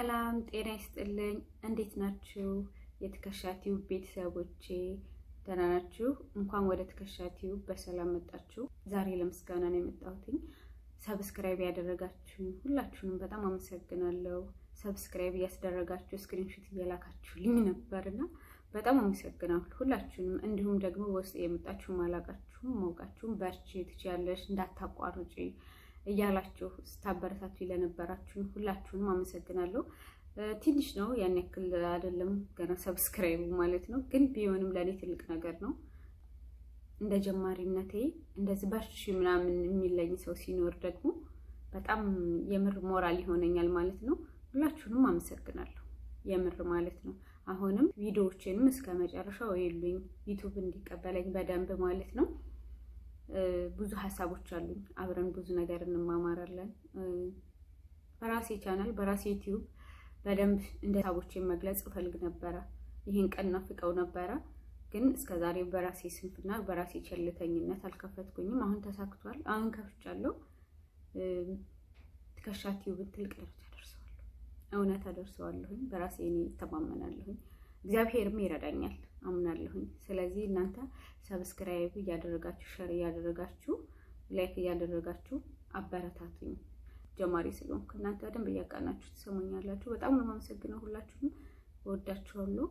ሰላም ጤና ይስጥልኝ። እንዴት ናችሁ? የትከሻ ቲዩብ ቤተሰቦቼ ደህና ናችሁ? እንኳን ወደ ትከሻ ቲዩብ በሰላም መጣችሁ። ዛሬ ለምስጋና ነው የመጣሁትኝ። ሰብስክራይብ ያደረጋችሁ ሁላችሁንም በጣም አመሰግናለሁ። ሰብስክራይብ እያስደረጋችሁ ስክሪንሾት እየላካችሁልኝ ነበርና በጣም አመሰግናለሁ ሁላችሁንም። እንዲሁም ደግሞ በውስጥ የመጣችሁ ማላቃችሁም ማውቃችሁም በርቺ፣ ትችያለሽ፣ እንዳታቋርጪ እያላችሁ ስታበረታቱ ለነበራችሁን ሁላችሁንም አመሰግናለሁ። ትንሽ ነው ያን ያክል አይደለም፣ ገና ሰብስክራይቡ ማለት ነው። ግን ቢሆንም ለእኔ ትልቅ ነገር ነው። እንደ ጀማሪነቴ እንደዚህ በርቺ ምናምን የሚለኝ ሰው ሲኖር ደግሞ በጣም የምር ሞራል ይሆነኛል ማለት ነው። ሁላችሁንም አመሰግናለሁ የምር ማለት ነው። አሁንም ቪዲዮዎቼንም እስከ መጨረሻው የሉኝ ዩቱብ እንዲቀበለኝ በደንብ ማለት ነው። ብዙ ሀሳቦች አሉኝ። አብረን ብዙ ነገር እንማማራለን። በራሴ ቻናል በራሴ ዩቲዩብ በደንብ እንደ ሀሳቦቼን መግለጽ እፈልግ ነበረ። ይህን ቀን ናፍቀው ነበረ፣ ግን እስከዛሬ በራሴ ስንፍና በራሴ ቸልተኝነት አልከፈትኩኝም። አሁን ተሳክቷል። አሁን ከፍቻለሁ። ትከሻ ቲዩብን ትልቅ ደረጃ ደርሰዋለሁ። እውነት አደርሰዋለሁኝ። በራሴ እኔ ይተማመናለሁኝ። እግዚአብሔርም ይረዳኛል። አምናለሁኝ። ስለዚህ እናንተ ሰብስክራይብ እያደረጋችሁ ሸር እያደረጋችሁ ላይክ እያደረጋችሁ አበረታቱኝ። ጀማሪ ስለሆንኩ እናንተ በደንብ እያቃናችሁ ትሰሙኛላችሁ። በጣም ነው የማመሰግነው። ሁላችሁም እወዳችኋለሁ።